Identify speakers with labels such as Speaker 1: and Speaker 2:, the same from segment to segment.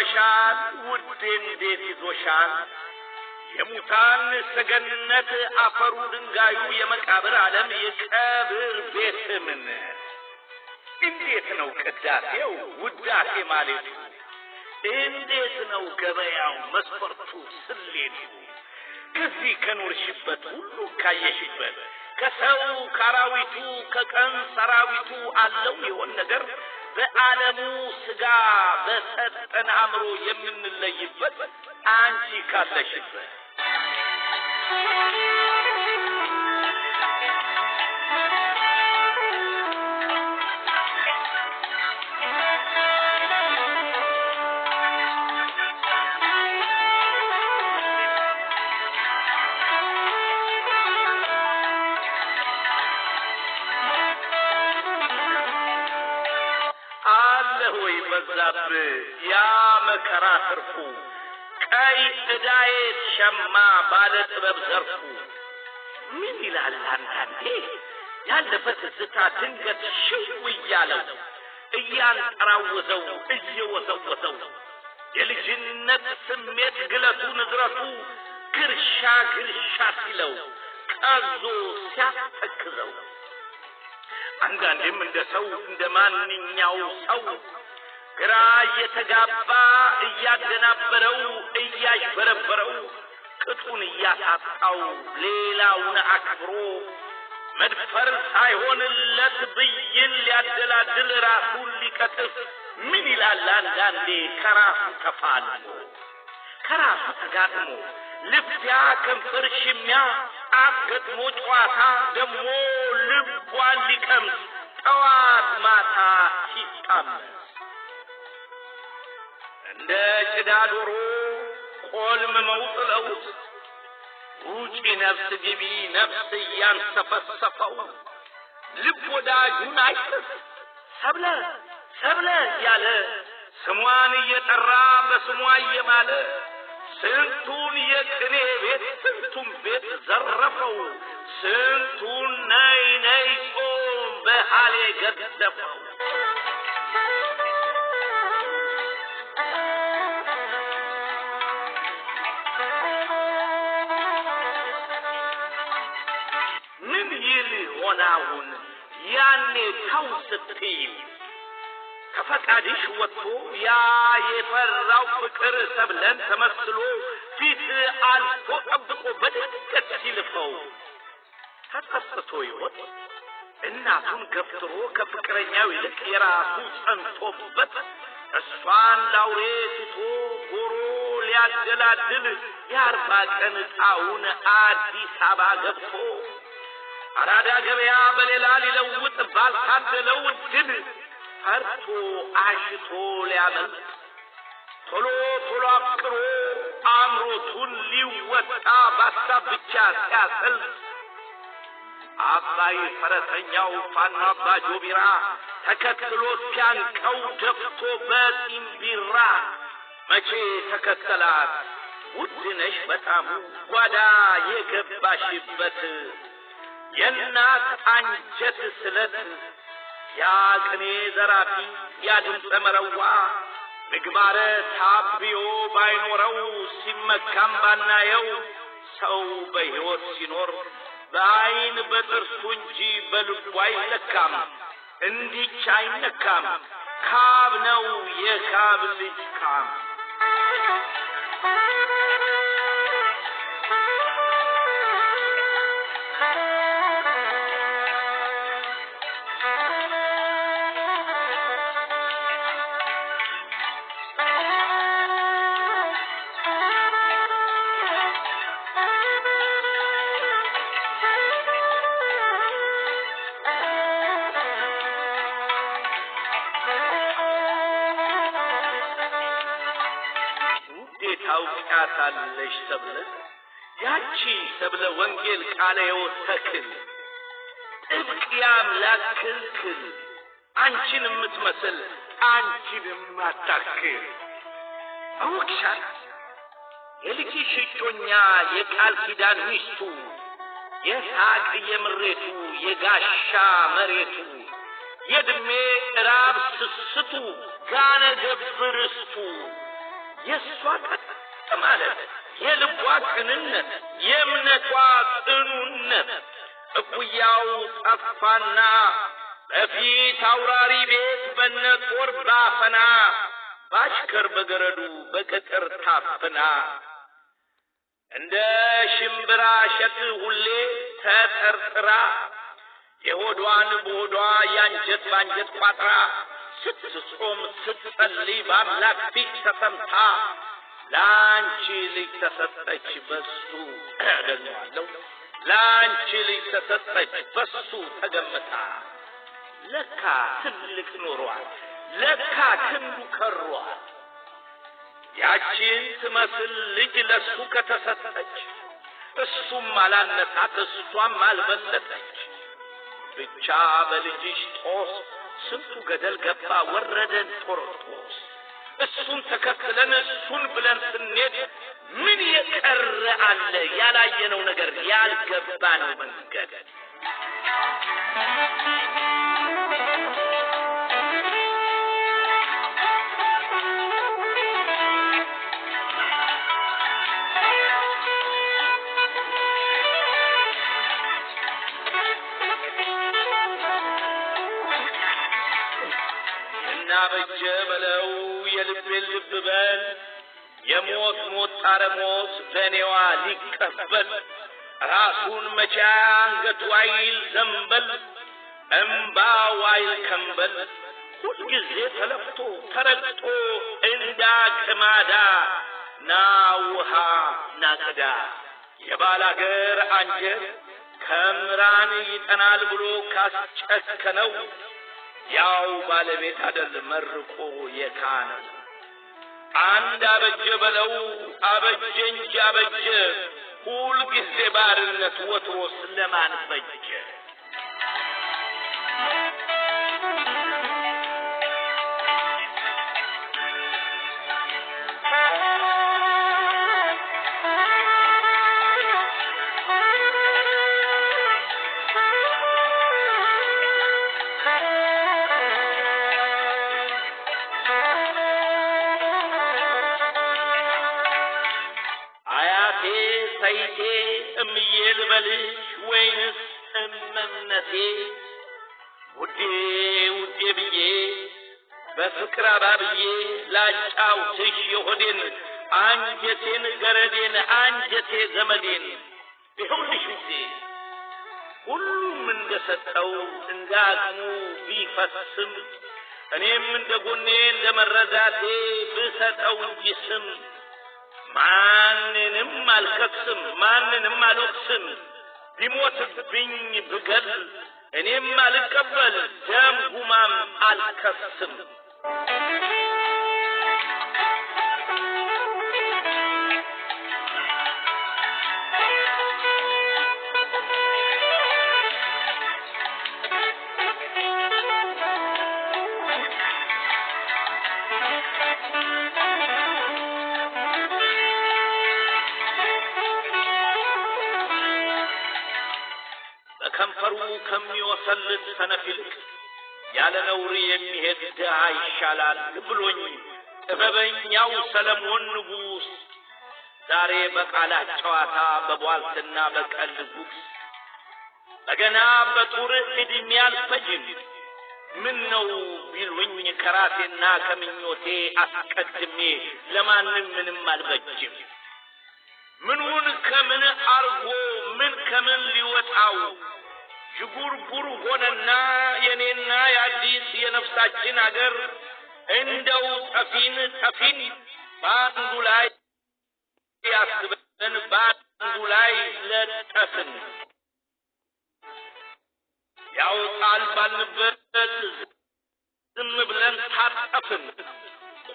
Speaker 1: ቆመሻል ውዴ እንዴት ይዞሻል? የሙታን ሰገነት አፈሩ ድንጋዩ የመቃብር ዓለም የቀብር ቤት ምን እንዴት ነው ቅዳሴው ውዳሴ ማለቱ? እንዴት ነው ገበያው መስፈርቱ ስሌቱ? ከዚህ ከኖርሽበት ሁሉ ካየሽበት ከሰው ካራዊቱ ከቀን ሰራዊቱ አለው ይሆን ነገር በዓለሙ ስጋ በሰጠን አእምሮ የምንለይበት አንቺ ካለሽበት ያ መከራ ትርፉ ቀይ እዳዬ ሸማ ባለ ጥበብ ዘርፉ። ምን ይላል አንዳንዴ ያለበት ዝታ ድንገት ሽው እያለው እያንጠራወዘው እየወዘወዘው የልጅነት ስሜት ግለቱ ንዝረቱ ግርሻ ግርሻ ሲለው ቀዞ ሲያስተክዘው አንዳንዴም እንደ ሰው እንደ ማንኛው ሰው ግራ እየተጋባ እያደናበረው እያሽበረበረው ቅጡን እያሳጣው ሌላውን አክብሮ መድፈር ሳይሆንለት ብይን ሊያደላድል ራሱን ሊቀጥፍ ምን ይላል አንዳንዴ ከራሱ ተፋልሞ ከራሱ ተጋጥሞ ልፍያ፣ ከንፈር ሽሚያ፣ አገጥሞ ጨዋታ ደግሞ ልቧን ሊቀምስ ጠዋት ማታ ሲጣመስ እንደ ጭዳ ዶሮ ቆልም ጥለውት ውጪ ነፍስ ግቢ ነፍስ እያንሰፈሰፈው ልብ ወዳጁን አይጥስ ሰብለ ሰብለ ያለ ስሟን እየጠራ በስሟ እየማለ ስንቱን የቅኔ ቤት ስንቱን ቤት ዘረፈው ስንቱን ነይ ነይ ጾም በሃሌ ገደፈው። ሆነ አሁን ያኔ ተው ስትይ ከፈቃድሽ ወጥቶ ያ የፈራው ፍቅር ሰብለን ተመስሎ ፊት አልፎ ጠብቆ በድንገት ሲልፈው ተጸጽቶ ይሆን እናቱን ገፍትሮ ከፍቅረኛው ይልቅ የራሱ ጸንቶበት እሷን ላውሬ ትቶ ጎሮ ሊያደላድል የአርባ ቀን ዕጣውን አዲስ አበባ ገብቶ አራዳ ገበያ በሌላ ሊለውጥ ባልታደለው ድል ፈርቶ አሽቶ ሊያመልጥ ቶሎ ቶሎ አፍቅሮ አእምሮቱን ሊወጣ ባሳብ ብቻ ሲያሰልጥ አባይ ፈረሰኛው ፋና አባ ጆቢራ ተከትሎ ሲያንቀው ደፍቶ በጢም ቢራ መቼ ተከተላት ውድነሽ በጣሙ ጓዳ የገባሽበት የእናት አንጀት ስለት ያ ቅኔ ዘራፊ ያ ድምፀ መረዋ ምግባረ ታብዮ ባይኖረው ሲመካም ባናየው ሰው በሕይወት ሲኖር በዐይን በጥርሱ እንጂ በልቡ አይለካም፣ እንዲች አይነካም። ካብ ነው የካብ ልጅ ካም ወንጌል ቃለ የወተክል ተክል ጥብቅ የአምላክ ክልክል አንቺን የምትመስል አንቺን የማታክል አወቅሻት። የልጅሽ እጮኛ የቃል ኪዳን ሚስቱ የሳቅ የምሬቱ የጋሻ መሬቱ የእድሜ ራብ ስስቱ ጋነ ገብርስቱ የእሷ ቀጥ ማለት የልቧ ቅንነት፣ የእምነቷ ጽኑነት እኩያው ጠፋና በፊት አውራሪ ቤት በነ ጦር ባፈና ባሽከር በገረዱ በቅጥር ታፍና እንደ ሽምብራ ሸት ሁሌ ተጠርጥራ የሆዷን በሆዷ የአንጀት ባንጀት ቋጥራ ስትጾም ስትጸልይ በአምላክ ፊት ተሰምታ ለአንቺ ልጅ ተሰጠች በሱ ደግሞ ለአንቺ ልጅ ተሰጠች በሱ ተገምታ ለካ ትልቅ ኖሯል ለካ ክንዱ ከሯል ያቺን ትመስል ልጅ ለሱ ከተሰጠች እሱም አላነሳት እሷም አልበለጠች ብቻ በልጅሽ ጦስ ስንቱ ገደል ገባ ወረደን ጦርጦስ እሱን ተከትለን እሱን ብለን ስንሄድ ምን የቀረ አለ? ያላየነው ነገር ያልገባነው መንገድ ሥርዓተ ሞት በእኔዋ ሊቀበል ራሱን መቼ አንገቱ አይል ዘንበል እምባው አይል ከንበል ሁልጊዜ ተለፍቶ ተረግጦ እንዳ ቅማዳ ና ውሃ ናቅዳ የባላገር አንጀት ከምራን ይጠናል ብሎ ካስጨከነው ያው ባለቤት አደል መርቆ የካነው። አንድ አበጀ በለው አበጀ እንጂ አበጀ ሁልጊዜ ባርነት ወትሮስ ለማን በጀ? እመቤቴ እምዬ ልበልሽ ወይንስ እመምነቴ? ውዴ ውዴ ብዬ በፍቅር አባብዬ ላጫውትሽ የሆዴን አንጀቴን ገረዴን አንጀቴ ዘመዴን ይኸውልሽ ውዴ ሁሉም እንደሰጠው ሰጠው እንደ አቅሙ ቢፈስም እኔም እንደ ጎኔ እንደ መረዳቴ ብሰጠው እንጂ ስም ማንንም አልከስም፣ ማንንም አልወቅስም። ቢሞትብኝ ብገል እኔም አልቀበል፣ ደም ጉማም አልከስም። ይቻላል ብሎኝ ጥበበኛው ሰለሞን ንጉሥ ዛሬ በቃላት ጨዋታ በቧልትና በቀል ጉስ በገና በጡር ዕድሜ አልፈጅም ምን ነው ቢሉኝ ከራሴና ከምኞቴ አስቀድሜ ለማንም ምንም አልበጅም። ምኑን ከምን አርጎ ምን ከምን ሊወጣው ዥጉርጉር ሆነና የኔና የአዲስ የነፍሳችን አገር እንደው ጠፊን ጠፊን በአንዱ ላይ ያስበን በአንዱ ላይ ለጠፍን ያውጣል ባልንበት ዝም ብለን ታጠፍን።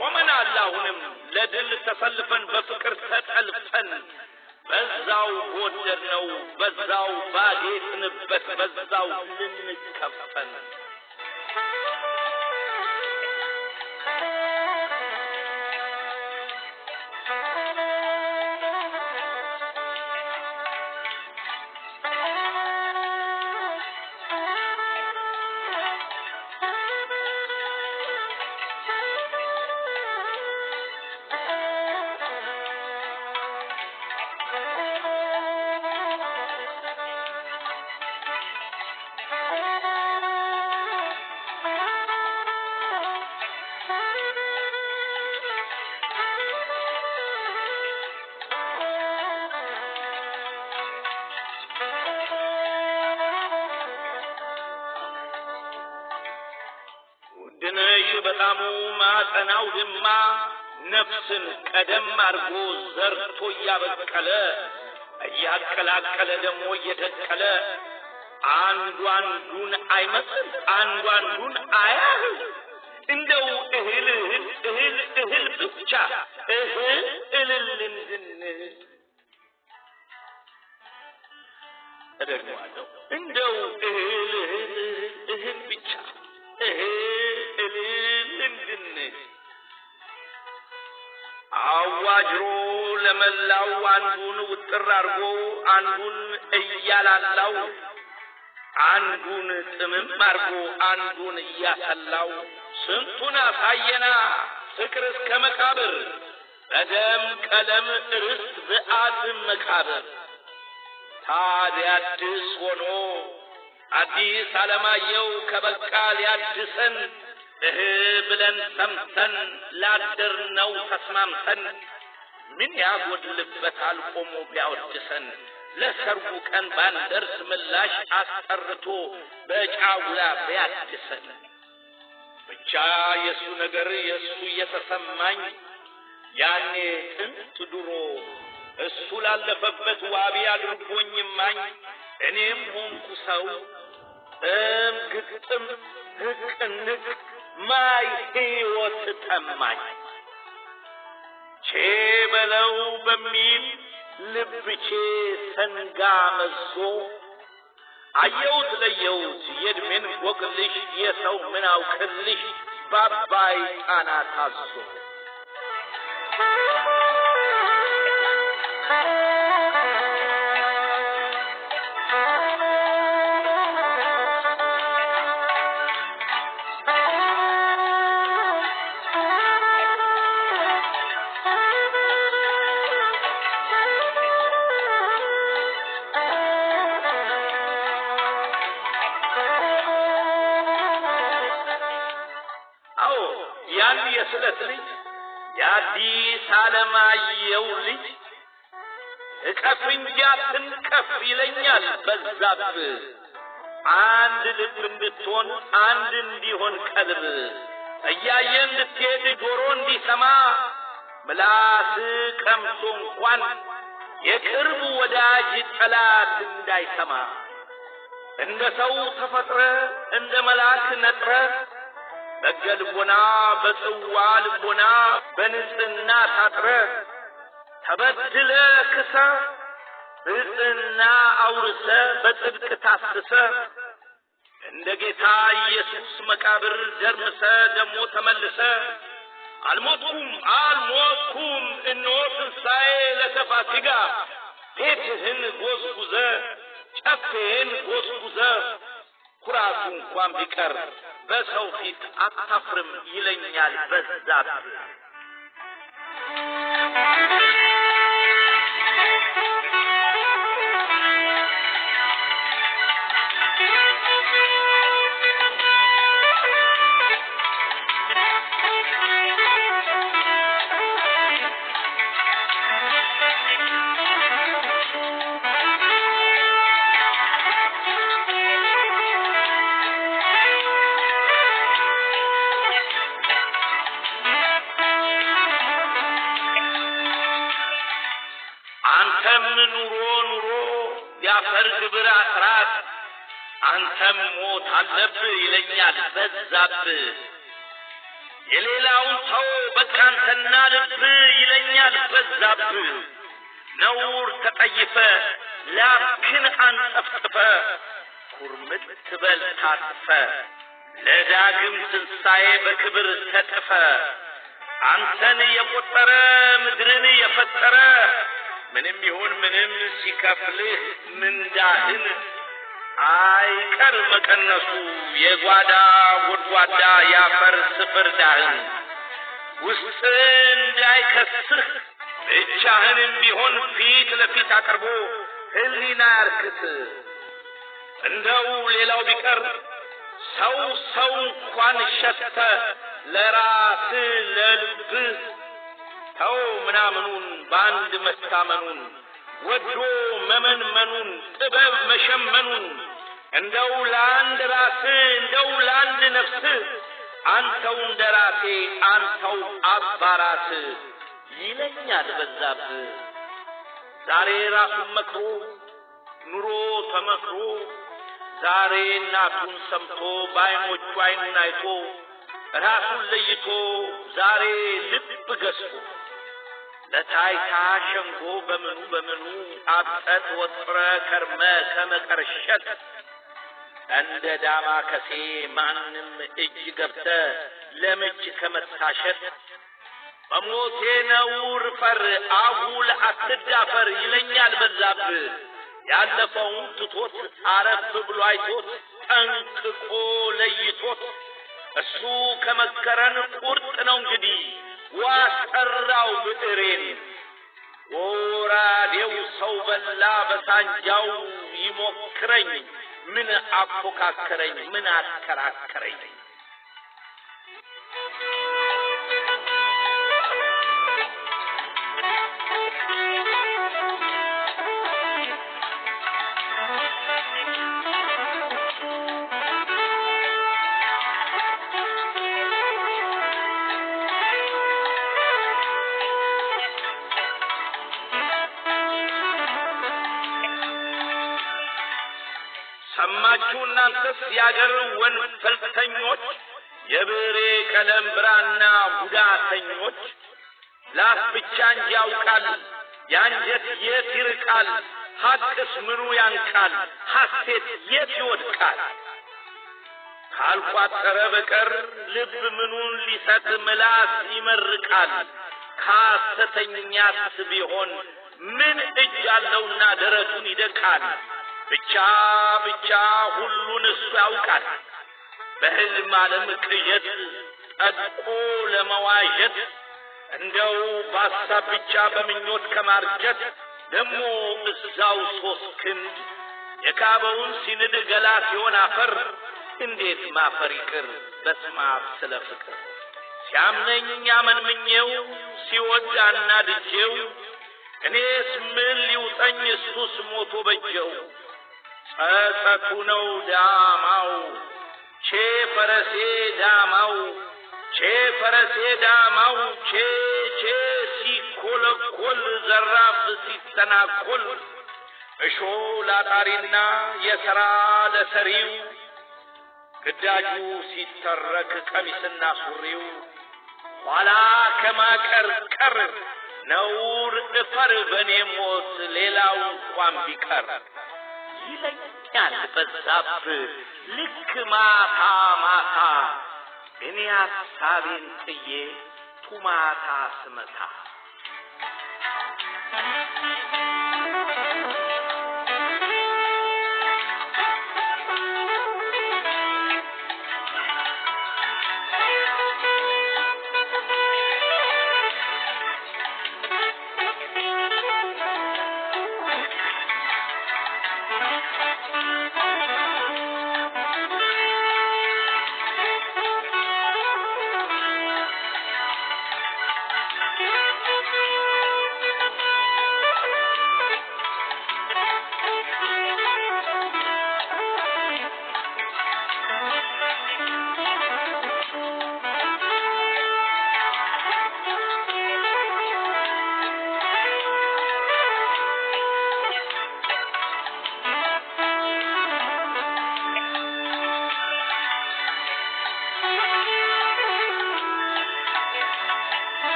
Speaker 1: ቆመናል አሁንም ለድል ተሰልፈን በፍቅር ተጠልፈን በዛው ጎደር ነው በዛው ባጌጥንበት በዛው ልንከፈን በጣሙ ማጠናው ድማ ነፍስን ቀደም አድርጎ ዘርቶ እያበቀለ እያቀላቀለ ደግሞ እየተቀለ አንዱ አንዱን አይመስል አንዱ አንዱን አያህ እንደው እህል እህል እህል እህል ብቻ እህል እልል እንድንል እደግመዋለሁ እንደው እህል እህል እህል ብቻ እህል አዋጅሮ ለመላው አንዱን ውጥር አድርጎ አንዱን እያላላው አንዱን ጥምም አድርጎ አንዱን እያሰላው ስንቱን አሳየና ፍቅር እስከ መቃብር በደም ቀለም ርስት ብአት መቃብር ታዲያ አዲስ ሆኖ አዲስ አለማየው ከበቃ ሊያድሰን እህ ብለን ሰምተን ላደርነው ተስማምተን ምን ያጎድልበታል ቆሞ ቢያወድሰን ለሰርጉ ቀን ባንደርስ ምላሽ አስጠርቶ በጫውላ ቢያድሰን ብቻ የእሱ ነገር የእሱ እየተሰማኝ ያኔ ጥንት ድሮ እሱ ላለፈበት ዋቢ አድርጎኝማኝ እኔም ሆንኩ ሰው እም ግጥም ህቅንቅ ማይ ሕይወት ተማኝ ቼ በለው በሚል ልብቼ ሰንጋ መዞ አየውት ለየውት የእድሜን ጎቅልሽ የሰው ምናውክልሽ ባባይ ጣና ታዞ ቀፍ እንጂ ይለኛል በዛብ አንድ ልብ እንድትሆን አንድ እንዲሆን ቀልብ እያየ እንድትሄድ ጆሮ እንዲሰማ ምላስ ቀምሶ እንኳን የቅርቡ ወዳጅ ጠላት እንዳይሰማ እንደ ሰው ተፈጥረ እንደ መልአክ ነጥረ በገ ልቦና በጽዋ ልቦና በንጽህና ታጥረ ተበድለ ክሰ ብጽና አውርሰ በጽድቅ ታስሰ እንደ ጌታ ኢየሱስ መቃብር ደርምሰ ደሞ ተመልሰ አልሞትኩም አልሞትኩም እንሆ ትንሣኤ ለተፋሲጋ ቤትህን ጎዝጉዘ ጨፌህን ጎዝጉዘ ኩራቱ እንኳን ቢቀር በሰው ፊት አታፍርም ይለኛል በዛብህ። ያልበዛብ የሌላውን ሰው በካንተና ልብ ይለኛል በዛብ ነውር ተጠይፈ ላብክን አንጠፍጥፈ ኩርምት ትበል ታጥፈ ለዳግም ትንሣኤ በክብር ተጥፈ አንተን የቆጠረ ምድርን የፈጠረ ምንም ይሁን ምንም ሲከፍልህ ምንዳህን አይቀር መቀነሱ የጓዳ ጎድጓዳ የአፈር ስፍር ዳህን ውስጥ እንዳይከስህ ብቻህንም ቢሆን ፊት ለፊት አቅርቦ ህሊና ያርክት። እንደው ሌላው ቢቀር ሰው ሰው እንኳን ሸተ ለራስ ለልብህ ተው ምናምኑን በአንድ መታመኑን ወዶ መመንመኑን ጥበብ መሸመኑን እንደው ለአንድ ራስህ እንደው ለአንድ ነፍስህ አንተው እንደ ራሴ አንተው አባራት ይለኛል በዛብ ዛሬ ራሱን መክሮ ኑሮ ተመክሮ ዛሬ እናቱን ሰምቶ በዓይኖቹ ዓይኑን አይቶ ራሱን ለይቶ ዛሬ ልብ ገዝቶ በታይታ ሸንጎ በምኑ በምኑ ጣብጠት ወጥረ ከርመ ከመቀርሸት እንደ ዳማ ከሴ ማንም እጅ ገብተ ለምች ከመታሸት በሞቴ ነውር ፈር አጉል አትዳፈር ይለኛል በዛብ ያለፈውን ትቶት አረፍ ብሎ አይቶት ጠንቅቆ ለይቶት እሱ ከመከረን ቁርጥ ነው እንግዲህ ዋሰራው ምድሬን ወራዴው ሰው በላ በሳንጃው ይሞክረኝ ምን አፎካከረኝ ምን አከራከረኝ ስማችሁ እናንተስ የአገር ወንፈልተኞች፣ የብሬ ቀለም ብራና ጉዳተኞች ላፍ ብቻ እንጂ ያውቃል የአንጀት የት ይርቃል። ሐቅስ ምኑ ያንቃል ሐሴት የት ይወድቃል። ካልቋጠረ በቀር ልብ ምኑን ሊሰጥ ምላስ ይመርቃል። ካሰተኛስ ቢሆን ምን እጅ አለውና ደረቱን ይደቃል። ብቻ ብቻ ሁሉን እሱ ያውቃል። በህልም ዓለም ቅየት ጠድቆ ለመዋጀት እንደው በሐሳብ ብቻ በምኞት ከማርጀት ደግሞ እዛው ሶስት ክንድ የካበውን ሲንድ ገላ ሲሆን አፈር እንዴት ማፈር ይቅር በስማብ ስለ ፍቅር ሲያምነኝ ያመንምኜው ሲወድ አናድጄው እኔስ ምን ሊውጠኝ እሱስ ሞቶ በጀው ጸጸኩ ነው ዳማው ቼ ፈረሴ ዳማው ቼ ፈረሴ ዳማው ቼ ቼ ሲኮለኮል ዘራፍ ሲተናኮል እሾ ላጣሪና የሰራ ለሰሪው ግዳጁ ሲተረክ ቀሚስና ሱሪው ኋላ ከማቀርቀር ነውር እፈር በኔ ሞት ሌላው እንኳን ቢቀር ይለኛል በዛብ ልክ ማታ ማታ እኔ ሀሳቤን ጥዬ ቱማታ ስመታ